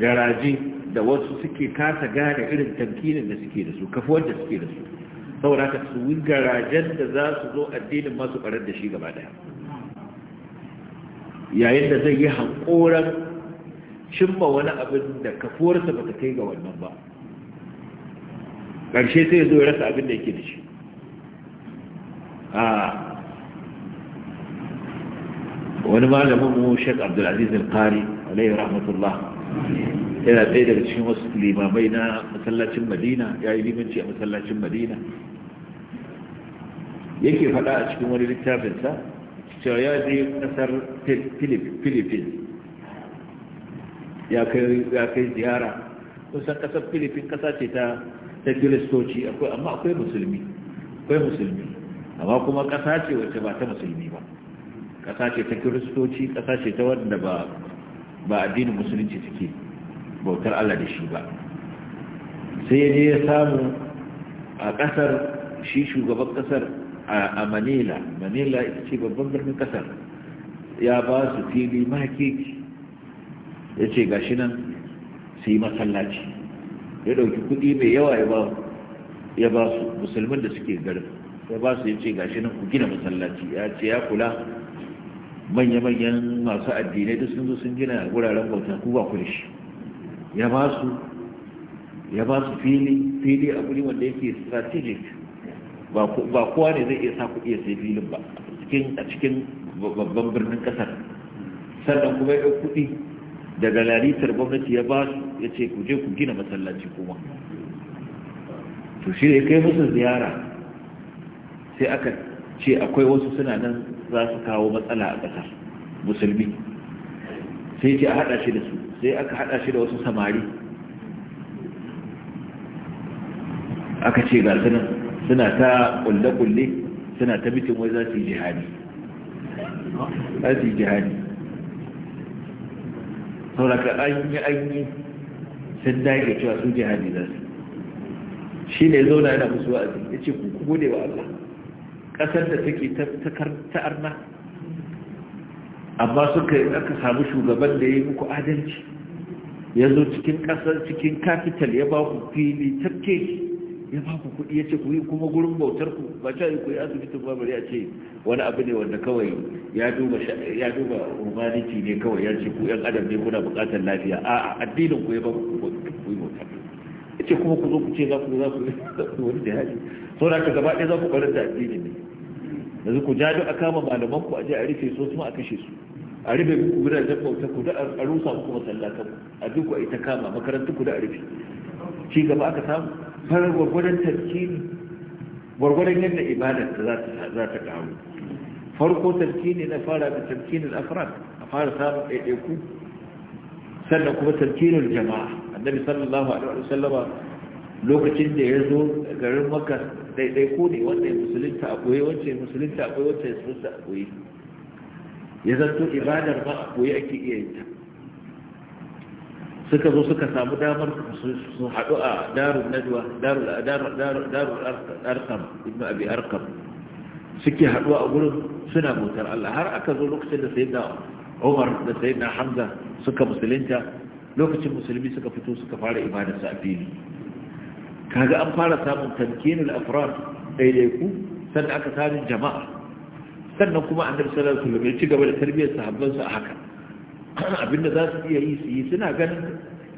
garaje da wasu suke kasa gane irin tankinin da suke da su kafuwar da suke da su saboda ka su garajen da za su zo addinin masu ɓarar da shi gaba daya yayin da zai yi hankoran cimma wani abin da kafuwarsa ba ta kai ga wannan ba ƙarshe sai ya zo ya rasa abin da yake da shi wani malamin mu shek abdulaziz al-qari alayhi rahmatullah yana ɗaya daga cikin wasu limamai na masallacin madina ya yi limanci a masallacin madina yake faɗa a cikin wani littafinsa cewa ya je ƙasar philippines ya kai ziyara kusan ƙasar philippines ƙasa ce ta kiristoci amma akwai musulmi akwai musulmi amma kuma ƙasa ce wacce ba ta musulmi ba ƙasa ce ta kiristoci ƙasa ce ta wanda ba ba addinin musulunci suke bautar Allah da shi ba sai ya je ya samu a kasar shi shugaban kasar. a manila manila ita ce babban birnin kasar ya ba su fili makeki ya ce ga shi nan su yi masallaci ya ɗauki kuɗi mai yawa ya ba su musulmin da suke garin ya ba su ya ce ga shi nan ku gina masallaci ya ce ya kula manya-manyan masu addinai da sun zo sun gina wuraren bauta ku ba ku da shi ya ba su fili fili a guri wanda yake strategic ba kowa ne zai iya sa kuɗi ya sai filin ba a cikin babban birnin ƙasar sannan kuma ya kuɗi daga lalitar gwamnati ya ba su ya ce ku je ku gina masallaci kuma to shi ne kai musu ziyara sai aka ce akwai wasu suna nan za su kawo matsala a ƙasar musulmi sai ce a haɗa shi da su sai aka haɗa shi da wasu samari aka ce ga su suna ta kulle-kulle suna ta bitin wai za su yi jihadi za su yi jihadi sauraka an yi an yi sun dage cewa su jihadi za su shi ne zauna yana musu wa'azi ya ce ku gode wa Allah ƙasar da take ta arna amma suka aka samu shugaban da ya yi muku adalci ya zo cikin ƙasar cikin kafital ya ba ku fili tafke ya ba ku kuɗi ya ce ku yi kuma gurin bautar ku ba ta yi ku yi asibitin ba bari a ce wani abu ne wanda kawai ya duba ya ne kawai ya ce ku yan adam ne kuna buƙatar lafiya a'a addinin ku ya ba ku yi bautar ya ce kuma ku zo ku ce za ku za ku wani da jihadi saboda ka gaba ɗaya za ku ɓarar da addinin ne yanzu ku ja duk a kama malaman ku a je a rufe su kuma a kashe su a rufe muku gidajen bautar ku da a rusa muku masallatan a duk ku a ita kama makarantar ku da a rufe ci gaba aka samu har gwargwadon tarkini gwargwadon yadda ibadar za ta kawo farko tarkini na fara da tarkinin afrad a fara samun ɗaiɗaiku sannan kuma tarkinin jama'a annabi sallallahu alaihi wa sallama lokacin da ya zo garin maka ɗaiɗaiku ne wanda ya musulunta a koyi wacce ya musulunta a koyi wacce ya musulunta a koyi ya zanto ibadar ma a koyi ake iya yin ta suka zo suka samu damar su haɗu a darun najwa darun arkam ibn abi arkam suke haɗu a gurin suna bautar Allah har aka zo lokacin da sayyidina Umar da sayyidina Hamza suka musulunta lokacin musulmi suka fito suka fara ibadar sa fili kaga an fara samun tamkinul afrad daidaiku sannan aka samu jama'a sannan kuma annabi sallallahu alaihi wasallam ya ci gaba da tarbiyyar sahabbansa a haka abinda za su iya yi su yi suna ganin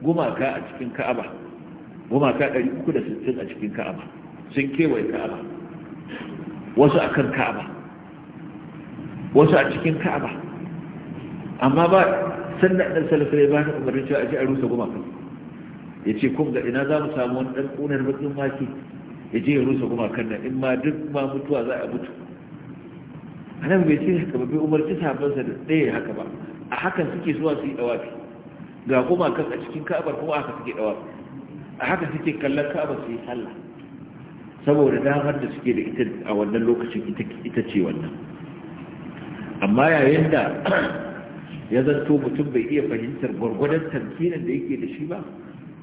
gumaka a cikin ka'aba gumaka 360 a cikin ka'aba sun kewaye ka'aba wasu a kan ka'aba wasu a cikin ka'aba amma ba sannan ɗan salafai ba ta umarni cewa a ji a rusa gumakan ya ce kun ga ina za mu samu wani ɗan ƙunar baƙin maki ya je ya rusa gumakan nan in ma duk ma mutuwa za a mutu annabi bai ce haka ba bai umarci sahabbansa da ɗaya haka ba a hakan suke zuwa su yi dawafi ga kuma kan a cikin ka'abar kuma haka suke dawafi a haka suke kallon ka'abar su yi sallah saboda damar da suke da ita a wannan lokacin ita ce wannan amma yayin da ya zanto mutum bai iya fahimtar gwargwadon tamkinin da yake da shi ba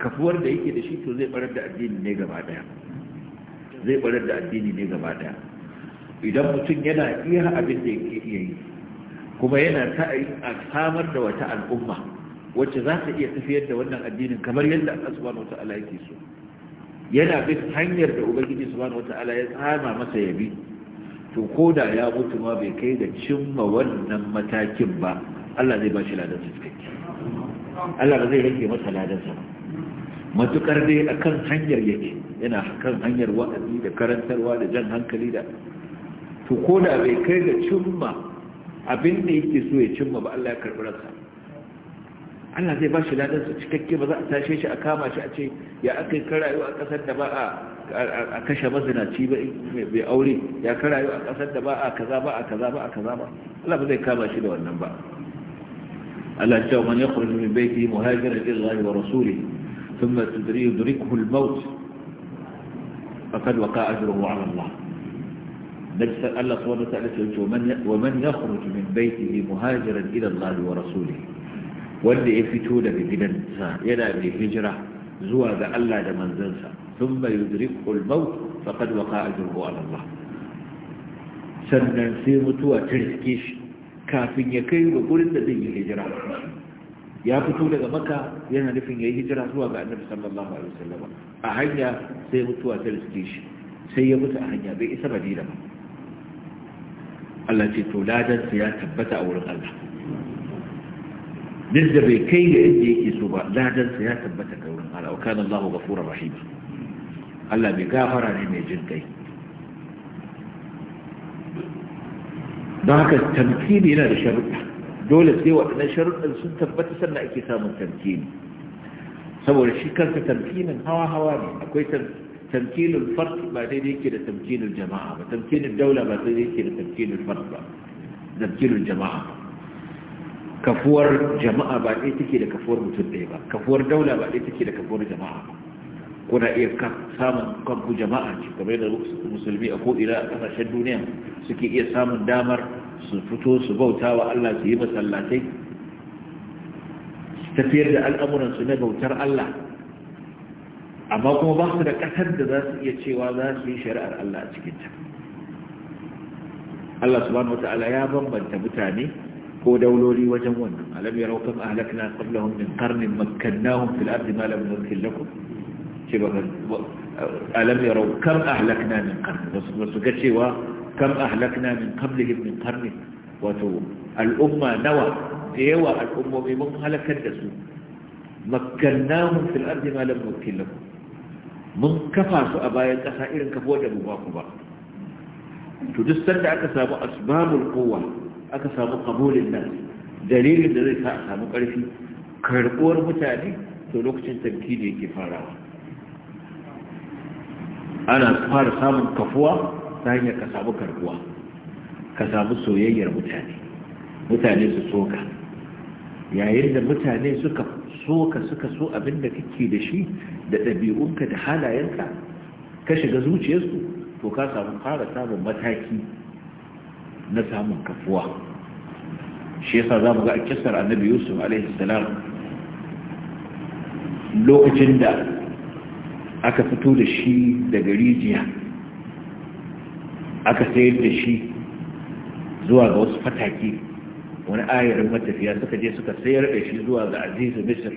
kafuwar da yake da shi to zai barar da addini ne gaba daya zai barar da addini ne gaba daya idan mutum yana iya abin da yake iya yi kuma yana sa'ayi a samar da wata al'umma wacce za ta iya tafiyar da wannan addinin kamar yadda Allah subhanahu wata'ala yake so yana bin hanyar da ubangiji subhanahu wata'ala ya tsama masa yabi to ko da ya mutu ma bai kai da cimma wannan matakin ba Allah zai ba shi ladan cikakke Allah ba zai rage masa ladan sa matukar dai akan hanyar yake yana kan hanyar wa'azi da karantarwa da jan hankali da to ko da bai kai da cimma abin da yake so ya cimma ba Allah ya karɓi ransa Allah zai ba shi ladansa cikakke ba za a tashe shi a kama shi a ce ya aka yi karayu a ƙasar da ba a kashe mazinaci ba mai aure ya karayu a ƙasar da ba a kaza ba a kaza ba a kaza ba Allah ba zai kama shi da wannan ba Allah ya ce man yakhruj min baytihi muhajiran ila Allah wa rasulihi thumma tudrikuhu al-maut faqad waqa ajruhu 'ala Allah نجس الله سبحانه وتعالى ومن ومن يخرج من بيته مهاجرا الى الله ورسوله wanda ya fito daga gidansa yana mai hijira zuwa ga Allah da manzansa sun mai yudrikul maut faqad waqa ajruhu ala Allah sannan sai mutuwa ta riske shi kafin ya kai ga gurin da zai yi hijira ya fito daga maka yana nufin ya yi hijira zuwa ga annabi sallallahu alaihi wasallam a hanya sai mutuwa ta riske shi sai ya mutu a hanya bai isa madina ba Allah ce to ladansu ya tabbata a wurin Allah duk da bai kai ga inda yake so ba ladansu ya tabbata ga wurin Allah wa kana ga ghafurur rahima, Allah bai gafara ne mai jin kai don haka tamkini yana da sharuɗa dole sai waɗannan sharuɗan sun tabbata sannan ake samun tamkini saboda shi kansa tamkinin hawa hawa ne akwai tamkini tamkinul farq ba daidai yake da tamkinul jama'a ba tamkinul daula ba daidai yake da tamkinul farq ba tamkinul jama'a kafuwar jama'a ba daidai take da kafuwar mutum ba kafuwar daula ba da kafuwar jama'a kuna iya samun kanku jama'a ce kamar da musulmi a ko'ina a ƙasashen duniya suke iya samun damar su fito su bauta wa Allah su yi masallatai tafiyar da al'amuransu na bautar Allah amma kuma ba su da ƙasar da za su iya cewa za su yi shari'ar Allah a cikinta Allah subhanahu wata'ala ya bambanta mutane ko dauloli wajen wannan alam yarau kam ahlakna qablahum min qarnin makkannahum fil ardi ma lam numakkil lakum ce ba alam yarau kam ahlakna min qarnin wasu ga cewa kam ahlakna min qablihim min qarnin wato al'umma nawa da yawa al'ummomi mun halakar da su makkannahum fil ardi ma lam numakkil lakum mun kafa su a bayan ƙasa irin kafuwar da ba ku ba to duk sanda aka samu asbabul kowa aka samu kabulin nan dalilin da zai sa a samu ƙarfi karɓuwar mutane to lokacin tamki ne yake farawa ana fara samun kafuwa ta hanyar ka samu karɓuwa ka samu soyayyar mutane mutane su soka yayin da mutane suka soka suka so abin da kake da shi da ɗabi'unka da halayenka ka shiga zuciyarsu to ka samu fara samun mataki na samun kafuwa shi yasa za mu ga a kisar annabi yusuf salam lokacin da aka fito da shi daga rijiya aka sayar da shi zuwa ga wasu fataki wani ayarin matafiya suka je suka sayar da shi zuwa ga azizu misir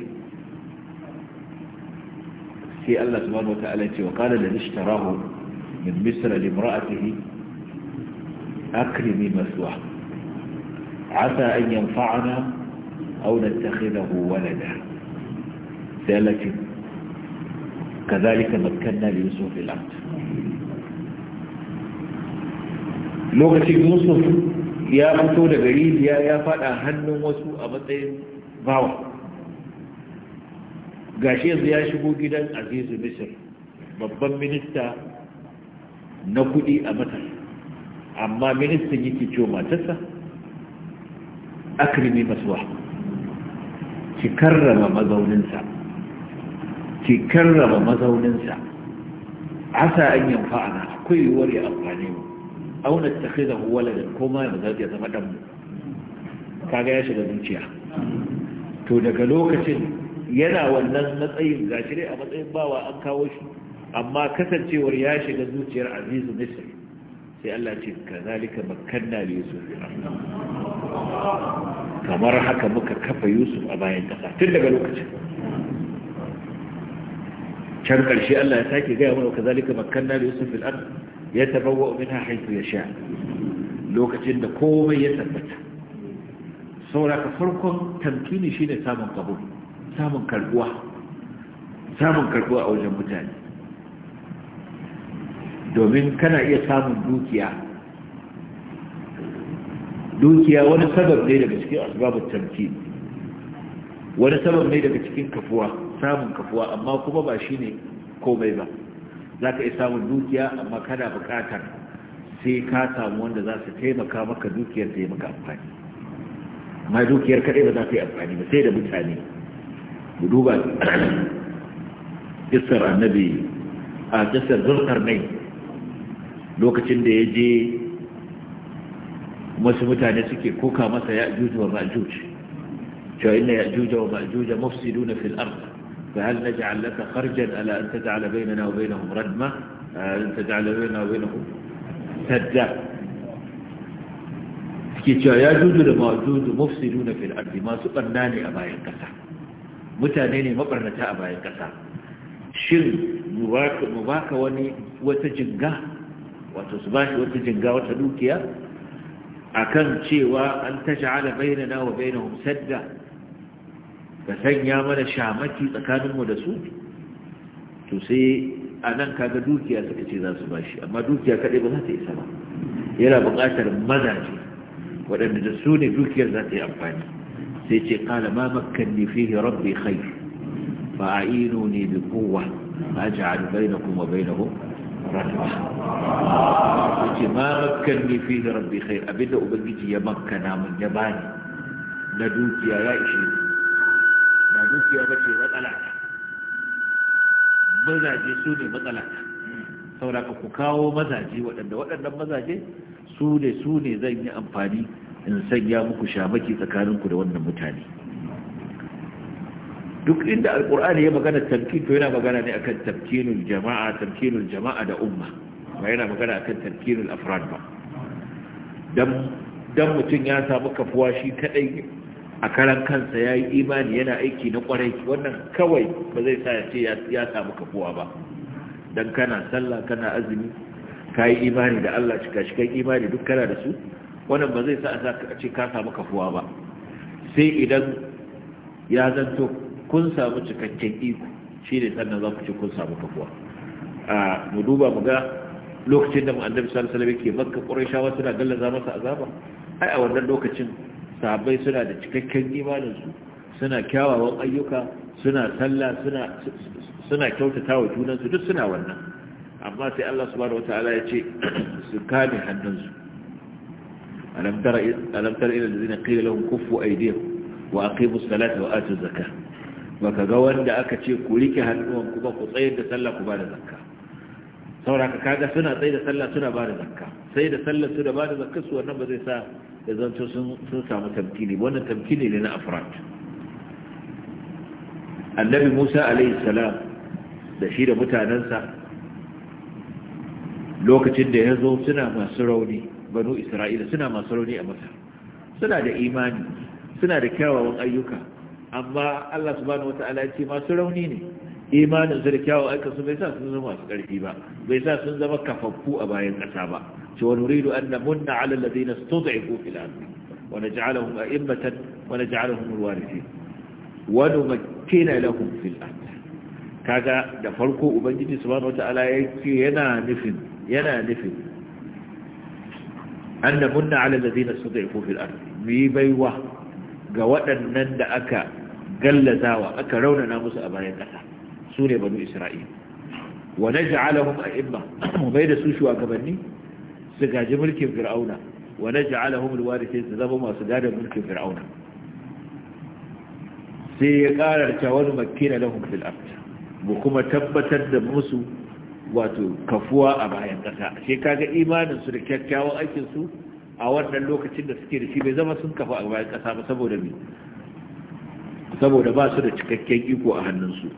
في الله سبحانه وتعالى وقال الذي اشتراه من مصر لامرأته أكرمي مثواه عسى أن ينفعنا أو نتخذه ولدا ذلك كذلك مكنا ليوسف في الأرض لغة يوسف يا أمتون بريد يا يا فأنا هنو مسوح أمتين gashi yanzu ya shigo gidan azizu misir babban minista na kudi a matar amma ministan yake ciwo matarsa akirmi masuwa ki karrama mazauninsa ki karrama mazauninsa asa an fa'ana, akwai yiwuwar ya amfani mu auna ta kai da huwala da koma ya zaɓi ya zama mu. kaga ya shiga zuciya to daga lokacin yana wannan matsayin gashi a matsayin bawa an kawo shi amma kasancewar ya shiga zuciyar azizu misir sai Allah ce kazalika makanna li yusuf kamar haka muka kafa yusuf a bayan kasa tun daga lokacin can karshe Allah ya sake gaya mana kazalika makanna li yusuf al-ard yatabawwa minha haythu yasha lokacin da komai ya tabbata saboda farkon tamkini shine samun kabuli samun karbuwa samun karbuwa a wajen mutane domin kana iya samun dukiya dukiya wani sabab ne daga cikin asibabin tamkin wani sabab ne daga cikin kafuwa samun kafuwa amma kuma ba shi ne komai ba za ka iya samun dukiya amma kana bukatar sai ka samu wanda za su taimaka maka dukiyar taimaka amfani Amma dukiyar kaɗai ba za ta yi amfani ba sai da mutane بدوبة قصر النبي قصر ذو القرنين لوك تندي يجي مسمتاني سكي كوكا مسا يأجوج ومأجوج شو إن يأجوج ومأجوج مفسدون في الأرض فهل نجعل لك خرجا ألا أن تجعل بيننا وبينهم ردمة ألا أن تجعل بيننا وبينهم سدى كي شو يأجوج ومأجوج مفسدون في الأرض ما سؤال ناني أبا ينكسر mutane ne mabarnata a bayan ƙasa shin mu ba ka wani wata jinga wato su ba shi wata jinga wata dukiya A kan cewa an bayyana na wa bainahum da ka sanya mana shamaki tsakaninmu da su to sai a nan kaga dukiya suka ce za su ba shi. amma dukiya kaɗai ba za ta isa ba yana buƙatar mazaje waɗanda da su ne dukiyar za ta yi amfani sai ce qala ma makkanni fihi rabbi khayr fa a'inuni bi quwwa fa aj'al bainakum wa bainahum rahma ce ma makkanni fihi rabbi khayr abinda ubangiji ya makkana mun ya bani na dukiya ya ishe ba dukiya ba ce matsala mazaje su ne matsala saboda ku kawo mazaje waɗanda waɗannan mazaje su ne su ne zan yi amfani in sanya muku shamaki tsakaninku da wannan mutane duk inda alkur'ani ya magana tamkin to yana magana ne akan tamkinul jama'a tamkinul jama'a da umma ba yana magana akan tamkinul afrad ba dan dan mutum ya samu kafuwa shi kadai a karan kansa yayi imani yana aiki na kwarai wannan kawai ba zai sa ya ce ya samu kafuwa ba dan kana sallah kana azumi kayi imani da Allah shika cikan imani duk kana da su wannan ba zai sa a ce ka samu kafuwa ba sai idan ya zanto kun samu cikakken iko shi ne sannan za ku ce kun samu kafuwa a mu duba mu ga lokacin da annabi sallallahu alaihi wasallam yake makka qurayshawa suna gallaza masa azaba ai a wannan lokacin sahabbai suna da cikakken imanin su suna kyawawan ayyuka suna sallah suna suna kyautata wa junansu duk suna wannan amma sai Allah subhanahu wataala ya ce su kame su ألم تر إلى الذين قيل لهم كفوا أيديهم وأقيموا الصلاة وآتوا الزكاة baka ga wanda aka ce ku rike hannuwan ku ku tsayar da sallah ku ba da zakka saboda ka suna tsaye da sallah suna ba da sai da sallah suna ba da zakka su wannan ba zai sa da zanto sun samu tamkini wannan ne na annabi Musa alaihi salam da shi da lokacin da ya zo suna masu rauni banu isra'ila suna masu rauni a masar suna da imani suna da kyawawan ayyuka amma Allah subhanahu wata'ala ya ce masu rauni ne imanin su da kyawawan ayyuka su bai sa sun zama masu ƙarfi ba bai sa sun zama kafaffu a bayan ƙasa ba ce wani rido an na munna ala ladina stud'ifu fil ardi wa naj'aluhum a'immatan wa naj'aluhum alwarithin wa numakkina lahum fil ardi kaga da farko ubangiji subhanahu wata'ala ya ce yana nufin yana nufin anna munna ala lazina su da fil ardi mu yi baiwa ga waɗannan da aka gallazawa aka raunana musu a bayan ƙasa su ne banu isra'ila wa naj'alahum a'imma bai da su shugabanni su gaji mulkin fir'auna wa naj'alahum alwarithin su zama masu gadar mulkin fir'auna sai ya karar ta wani makina lahum fil ard mu kuma tabbatar da musu wato kafuwa a bayan ƙasa sai kaga imanin su da kyakkyawan aikin su a wannan lokacin da suke da shi bai zama sun kafa a bayan ƙasa ba saboda saboda ba su da cikakken iko a hannun su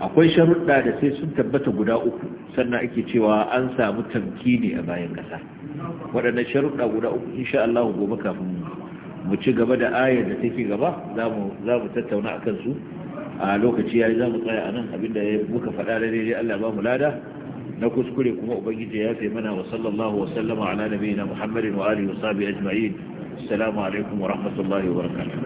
akwai sharuɗa da sai sun tabbata guda uku sannan ake cewa an samu ne a bayan ƙasa waɗannan sharuɗa guda uku insha Allah gobe kafin mu ci gaba da ayar da take gaba za mu tattauna akan su a lokaci yayi za mu tsaya a nan abinda muka faɗa da daidai Allah ba mu lada na kuskure kuma ubangiji ya fi mana wa sallallahu wa sallama ala nabiyina muhammadin wa alihi wa sahbihi ajma'in assalamu alaikum wa rahmatullahi wa barakatuh